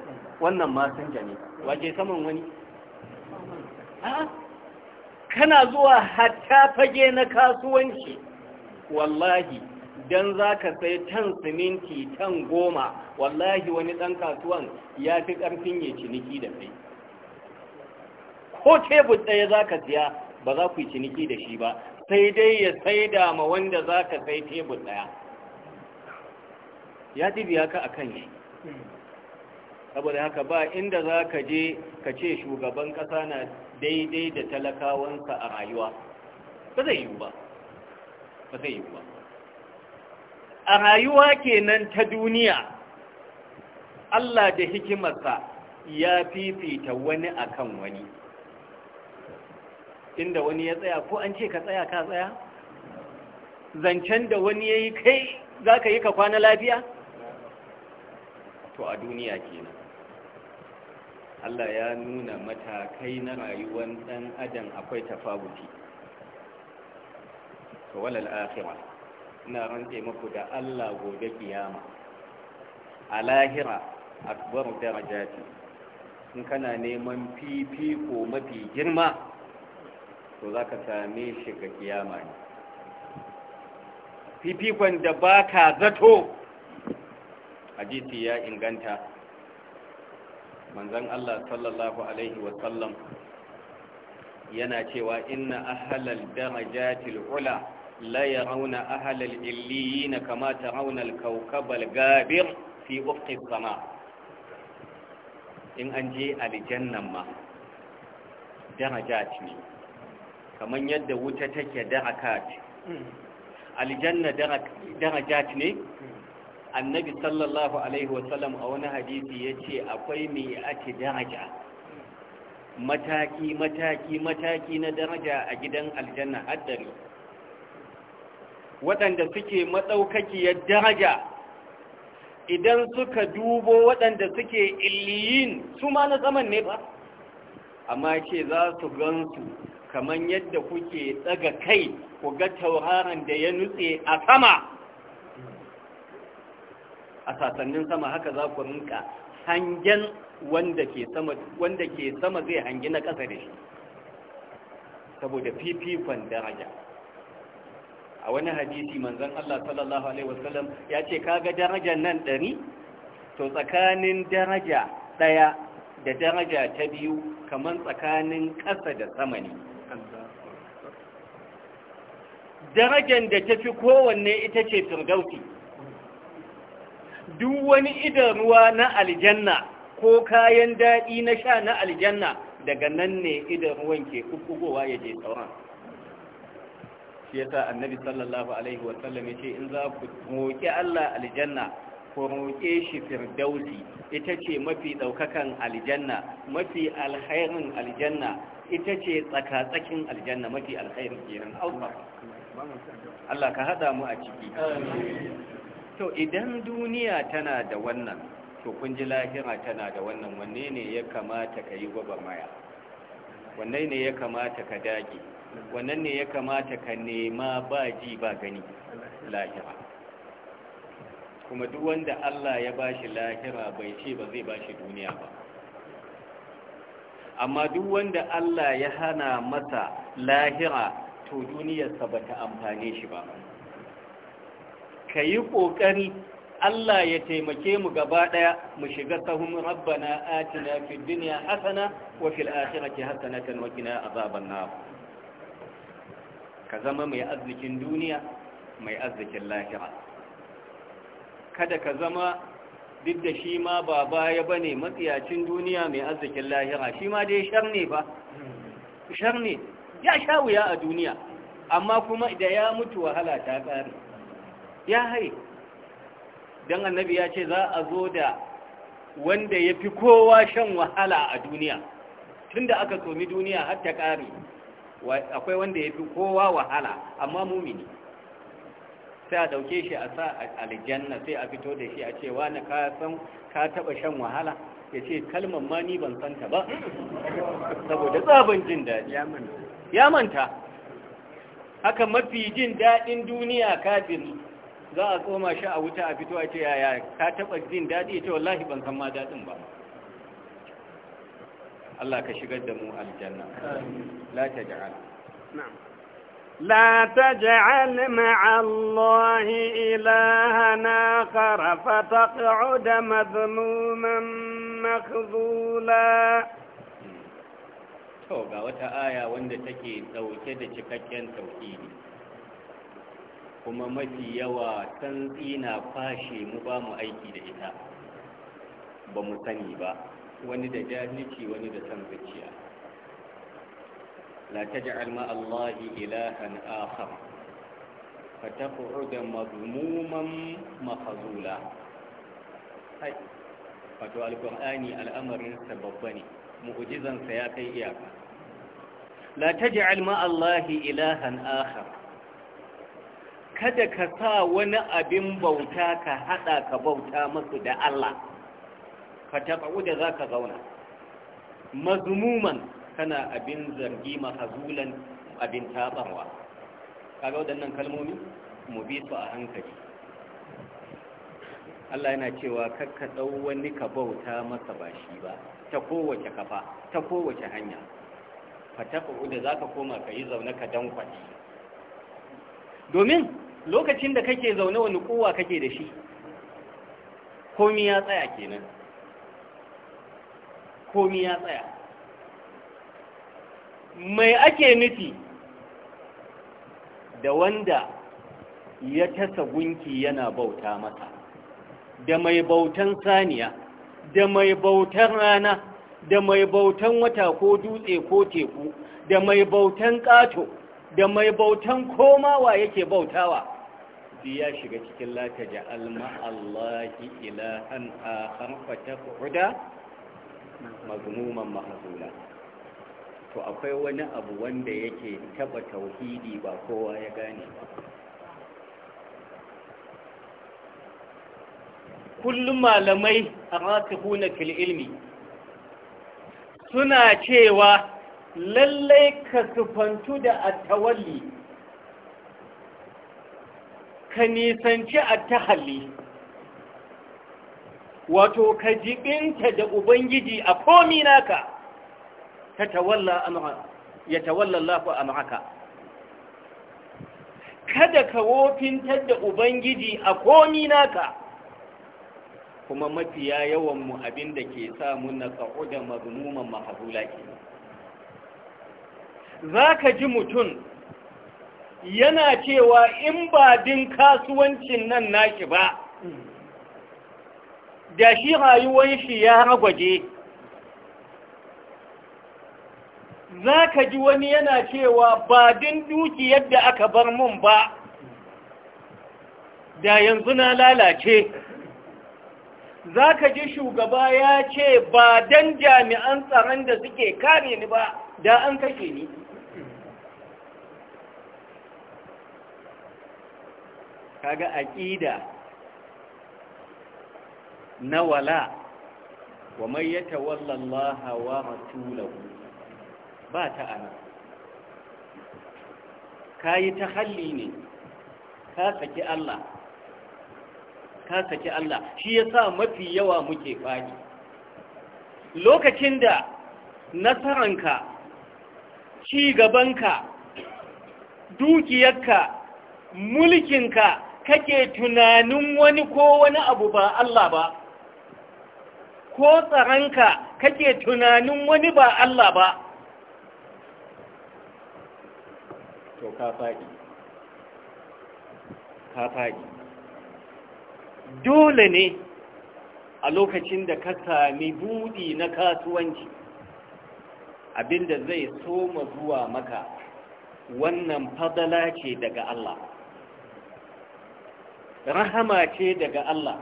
wannan masanja ne ke saman wani kana zuwa hatta fage na kasuwanci wallahi Dan za ka sai tan siminti tan goma wallahi wani ɗan kasuwan ya fi ƙarfin ya ciniki da kai ko tebur ɗaya za ka siya ba za ku yi ciniki da shi ba sai dai ya saida ma wanda za ka sai tebur ɗaya ya biya ka a kan shi saboda haka ba inda za ka je ka ce shugaban ƙasa na daidai da talakawansa a rayuwa ba zai yi ba ba zai yi ba a rayuwa kenan ta duniya Allah da hikimarsa ya fifita wani akan wani inda wani ya tsaya ko an ce ka tsaya ka tsaya zancen da wani ya yi kai za ka yi ka kwana lafiya to a duniya kenan Allah ya nuna matakai na rayuwar ɗan adam akwai tafabuti to walal akhirah ina rantse muku da Allah gobe kiyama a lahira akbar darajati in kana neman fifiko mafi girma to za ka same shi ga kiyama ne fifikon da ba ka zato hadisi ya inganta manzan Allah sallallahu Alaihi wasallam yana cewa inna ahalal darajatil ula la rauna ahalal illiyi na kamata raunar kawkabal gabir fi ufqi sama in an je aljannan ma darajat ne kamar yadda wuta take ce, aljanna ne annabi sallallahu alaihi wasallam a wani hadisi ya ce akwai mai ati daraja mataki mataki mataki na daraja a gidan aljanna addari waɗanda suke matsaukakiyar daraja idan suka dubo waɗanda suke illiyin su ma na zaman ne ba amma ce za su gansu kamar yadda kuke tsaga kai ku ga tauraron da ya nutse a sama a sasannin sama haka za ku rinka hangen wanda ke sama zai hangi na ƙasa da shi saboda fifikon daraja a wani hadisi manzon Allah sallallahu alaihi wasallam ya ce kaga darajar nan ɗari to tsakanin daraja ɗaya da daraja ta biyu kamar tsakanin ƙasa da sama ne darajar da ta fi kowanne ita ce firdausi duk wani ruwa na aljanna ko kayan daɗi na sha na aljanna daga nan ne idanuwan ke kukugowa ya je sauran shi yasa annabi sallallahu alaihi wasallam ya ce in za ku roƙi Allah aljanna ku roƙe shi firdausi ita ce mafi ɗaukakan aljanna mafi alhairin aljanna ita ce tsakatsakin aljanna mafi alkhairin kenan Allah Allah ka haɗa mu a ciki to idan duniya tana da wannan to kun ji lahira tana da wannan wanne ne ya kamata ka yi maya? wanne ne ya kamata ka dage wannan ne ya kamata ka nema ba ji ba gani lahira kuma duk wanda Allah ya bashi lahira bai ce ba zai bashi duniya ba amma duk wanda Allah ya hana masa lahira to duniyarsa ba ta amfane shi ba ka yi ƙoƙari Allah ya taimake mu gaba ɗaya mu shiga sahun rabbana atina fid dunya hasana wa fil akhirati hasanatan wa qina azaban nar ka zama mai arzikin duniya mai arzikin lahira kada ka zama duk da shi ma ba baya bane matsiyacin duniya mai arzikin lahira shi ma dai shar ne ba, shar ne ya sha wuya a duniya amma kuma da ya mutu wahala ta ƙare ya hai don annabi ya ce za a zo da wanda ya fi kowa shan wahala a duniya tunda aka somi duniya har ta ƙare akwai wanda ya fi kowa wahala amma mumini sai a ɗauke shi a sa aljanna sai a fito da shi a ce kasan ka taɓa shan wahala ya ce kalmar ma ni ban santa ba saboda tsaban jin daji ya manta haka mafi jin daɗin duniya kafin za a tsoma shi a wuta a fito a ce yaya ka taɓa jin daɗi ita wallahi ban san ma daɗin ba Allah ka shigar da mu aljanna la La ta لا تجعل مع الله إلهنا آخر فتقعد mazmuman مخذولا to ga wata aya wanda take dauke da cikakken tauhidi kuma mafi yawa santsi na kwashe mu ba mu aiki da ita ba mu sani ba wani da jahilci wani da san zuciya la taj'al ma allahi ilahan akhar fataquda mazmuman mahzula ai wato al al'amarin sa babba ne mu'ujizansa ya kai iyaka la taj'al ma'allahi ilahan akhar kada ka sa wani abin bauta ka hada ka bauta masu da Allah ka tabu da zaka zauna mazmuman kana abin zargi mahazulan abin tabarwa kaga waɗannan kalmomi mu bi su a hankali Allah yana cewa kakka ɗau wani ka bauta masa ba shi ba ta kowace kafa ta kowace hanya fataku da zaka koma ka yi ka dankwace domin lokacin da kake zaune wani kowa kake da shi komi ya tsaya kenan komi ya tsaya mai ake nufi da wanda ya tasa gunki yana bauta mata da mai bautan saniya da mai bautan rana da mai bautan wata ko dutse ko teku da mai bautan ƙato da mai bautan komawa yake bautawa duk ya shiga cikin lata ja'al ma'allahi ilahan akhar kuda mazmuman mahzula to akwai wani abu wanda yake taba tauhidi ba kowa ya gane ba kullum malamai a rasihuna huna ilmi suna cewa lallai ka sufantu da attawalli ka nisanci attahalli wato ka jibinta da ubangiji a komi naka ta tawalla amra ya tawalla lafi amraka kada ka wofintar da ubangiji a komi naka kuma mafiya yawan mu abin da ke samu mun na da mazmuman mahzula ke zaka ji mutum yana cewa in ba din kasuwancin nan naki ba da shi rayuwar shi ya ragwaje za ka ji wani yana cewa ba din dukiyar da aka bar mun ba da yanzu na lalace za ka ji shugaba ya ce ba dan jami'an tsaron da suke kare ni ba da an kashe ni kaga aƙida na wala wa mai ya tawalla wa rasulahu ba ta ana yi ta halli ne ka saki Allah ka saki Allah shi yasa mafi yawa muke faɗi lokacin da nasaranka ci gabanka dukiyarka mulkinka kake tunanin wani ko wani abu ba Allah ba ko tsaranka kake tunanin wani ba Allah ba to ka faɗi ka faɗi dole ne a lokacin da ka sami buɗi na kasuwanci abinda zai soma zuwa maka wannan fadala ce daga Allah rahama ce daga Allah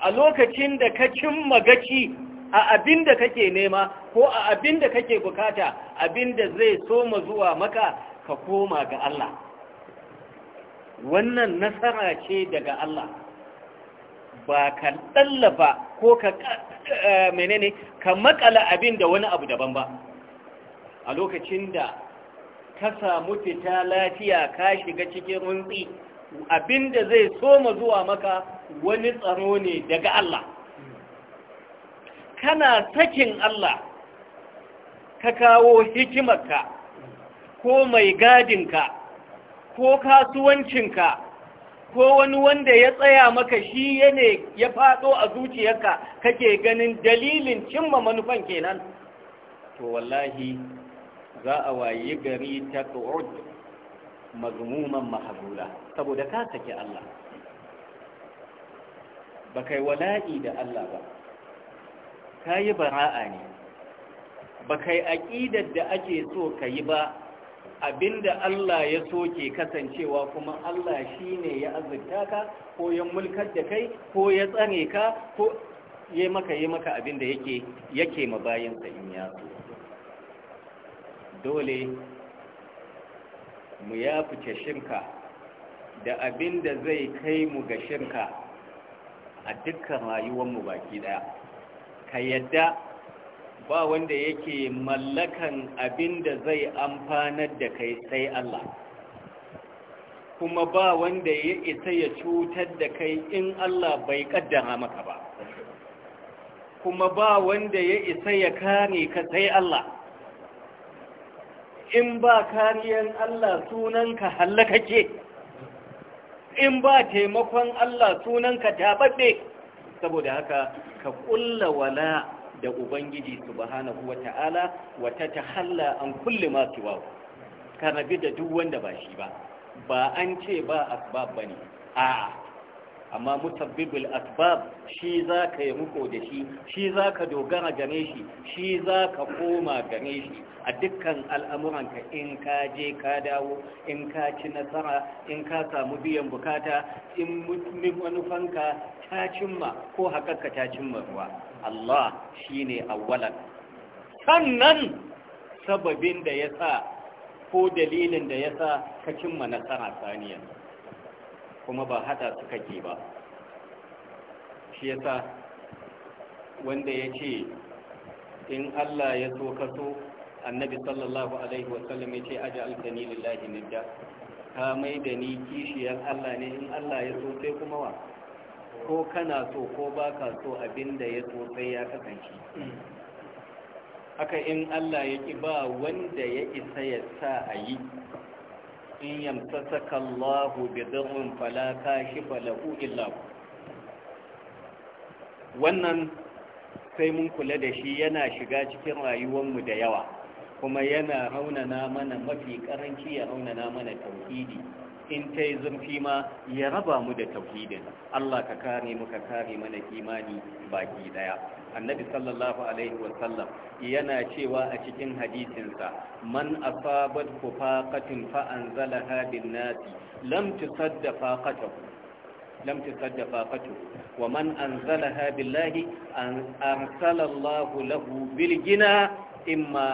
a lokacin da ka cimma gaci a abin kake nema ko a abin da kake bukata abin da zai soma zuwa maka ka koma ga Allah wannan nasara ce daga Allah ba ka tsallafa ko ka menene ka makala abin da wani abu daban ba a lokacin da ka samu fita lafiya ka shiga cikin runtsi abin da zai soma zuwa maka wani tsaro ne daga Allah kana sakin Allah ka kawo hikimarka ko mai gadinka ko kasuwancinka ko wani wanda ya tsaya maka shi ne ya faɗo a zuciyarka kake ganin dalilin cimma manufan kenan to wallahi za a wayi gari ta qud mazmuman mahdula saboda ka saki Allah ba kai wala'i da Allah ba ka yi bara'a ne ba kai aƙidar da ake so ka yi ba abinda Allah ya soke kasancewa kuma Allah shi ne ya azurta ka ko ya mulkar da kai ko ya tsare ka ko ya maka ya maka abinda yake yake mabayinsa in ya so dole mu ya fice shirka da abinda zai kai mu ga shirka a dukkan rayuwarmu baki daya ka yadda ba wanda yake mallakan abin da zai amfanar da kai sai Allah kuma ba wanda ya isa ya cutar da kai in Allah bai kaddara maka ba kuma ba wanda ya isa ya kare ka sai Allah in ba kariyan Allah sunanka ke, in ba taimakon Allah sunanka tababbe saboda haka ka kullawala wala da ubangiji subhanahu wata'ala wata halla an kulle ma wawo ka rabi da duk wanda ba shi ba ba an ce ba asbab ne. a amma mutabbibul asbab shi za ka yi muko da shi shi za ka dogara gare shi shi za ka koma gare shi a dukkan al'amuranka in ka je ka dawo in ka ci nasara in ka samu biyan bukata in manufanka ta cimma ko haƙaƙa ta cimma ruwa Allah shine awwalan sannan sababin da ya sa ko dalilin da ya sa ka cimma nasara saniyan kuma ba hada su kake ba shi sa wanda ya ce in Allah ya so ka so annabi sallallahu alaihi wasallam ya ce aji lillahi nidda ka mai da ni kishiyar Allah ne in Allah ya so sai kuma wa ko kana so ko baka so abinda ya so ya kasance haka in Allah ya ki ba wanda ya isa ya sa a yi in saka Allahu bi dhurrin fala kashifa lahu illa wannan sai mun kula da shi yana shiga cikin rayuwarmu da yawa kuma yana raunana mana mafi karanci ya raunana mana tauhidi in ta yi zurfi ma ya raba mu da tauhidin Allah ka kare mu ka kare mana imani baki daya annabi sallallahu alaihi wa sallam yana cewa a cikin hadisinsa man asabat kufaqatin fa anzalaha bin nasi lam tusadda faqatahu لم تسد فاقته ومن أنزلها بالله أن أرسل الله له بالجنى إما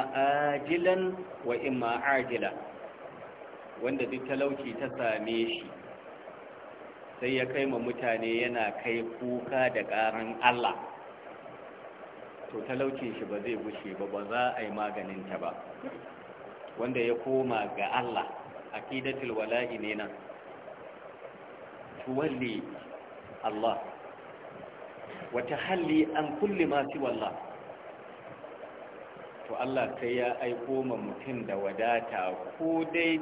آجلا وإما عاجلا wanda duk talauci ta same shi sai ya kai ma mutane yana kai kuka da ƙaran Allah to talaucin shi ba zai gushe ba ba za a yi maganinta ba wanda ya koma ga Allah aqidatul wala'i ne nan tuwalli Allah wata halli an kulle ma wallah to Allah sai ya aiko ma mutum da wadata ko dai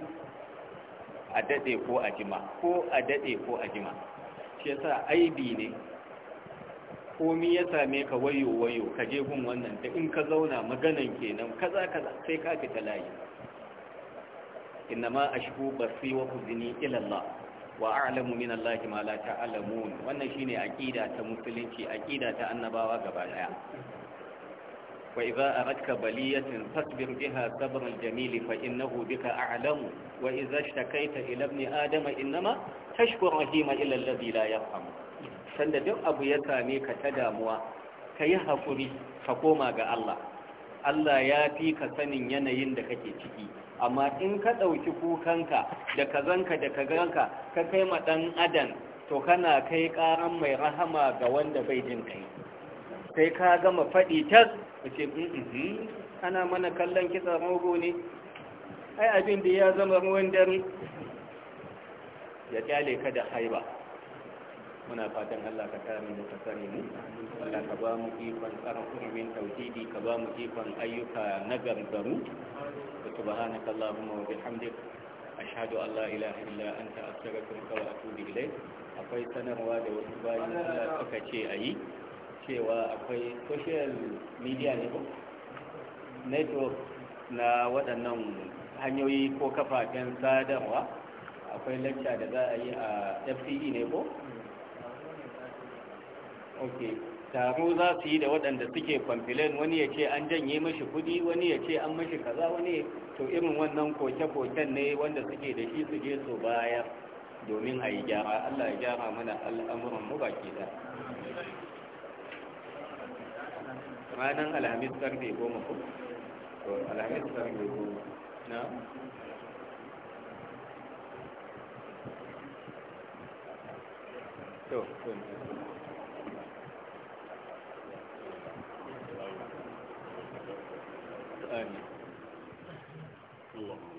a daɗe ko a jima ko a daɗe ko a jima shi yasa aibi ne komi ya same ka wayo wayo ka je gun wannan da in ka zauna maganan kenan kaza kaza sai ka fita layi innama ashku basri wa kuzini ila Allah wa a'lamu min Allah ma la ta'lamun wannan shine aqida ta musulunci aqida ta annabawa gaba daya فإذا أردت بلية فاصبر بها صبر الجميل فإنه بك أعلم kai ta إلى Adama آدم إنما تشكو الرحيم إلى الذي لا يرحم sanda duk abu ya same ka ta damuwa ka yi haƙuri ka koma ga Allah Allah ya fi ka sanin yanayin da kake ciki amma in ka ɗauki kukanka da kazanka da kaganka ka kai ma ɗan adam to kana kai ƙaran mai rahama ga wanda bai jin kai sai ka gama faɗi tas ce ana mana kallon kitsa rogo ne ai abin da ya zama ruwan dare ya kyale ka da haiba muna fatan Allah ka kare mu ka sare mu Allah ka ba mu ikon tsaron kurmin tauhidi ka ba mu ikon ayyuka na gargaru subhanaka allahumma wa bihamdik ashhadu an la ilaha illa anta astaghfiruka wa atubu ilayk akwai sanarwa da wasu bayan Allah suka ce ayi cewa akwai social media ne network na waɗannan hanyoyi ko kafafen sadarwa akwai lacca da za a yi a fce ne ko? ok taro za su yi da waɗanda suke kwamfilen wani ya ce an janye mashi kudi wani ya ce an mashi kaza wani to irin wannan koke-koken ne wanda suke da shi su je su bayar domin a yi gyara allah ya gyara mana al'amuran mu baki da ranar alhamis karfe goma ko alhamis karfe goma na to Amin. Allah.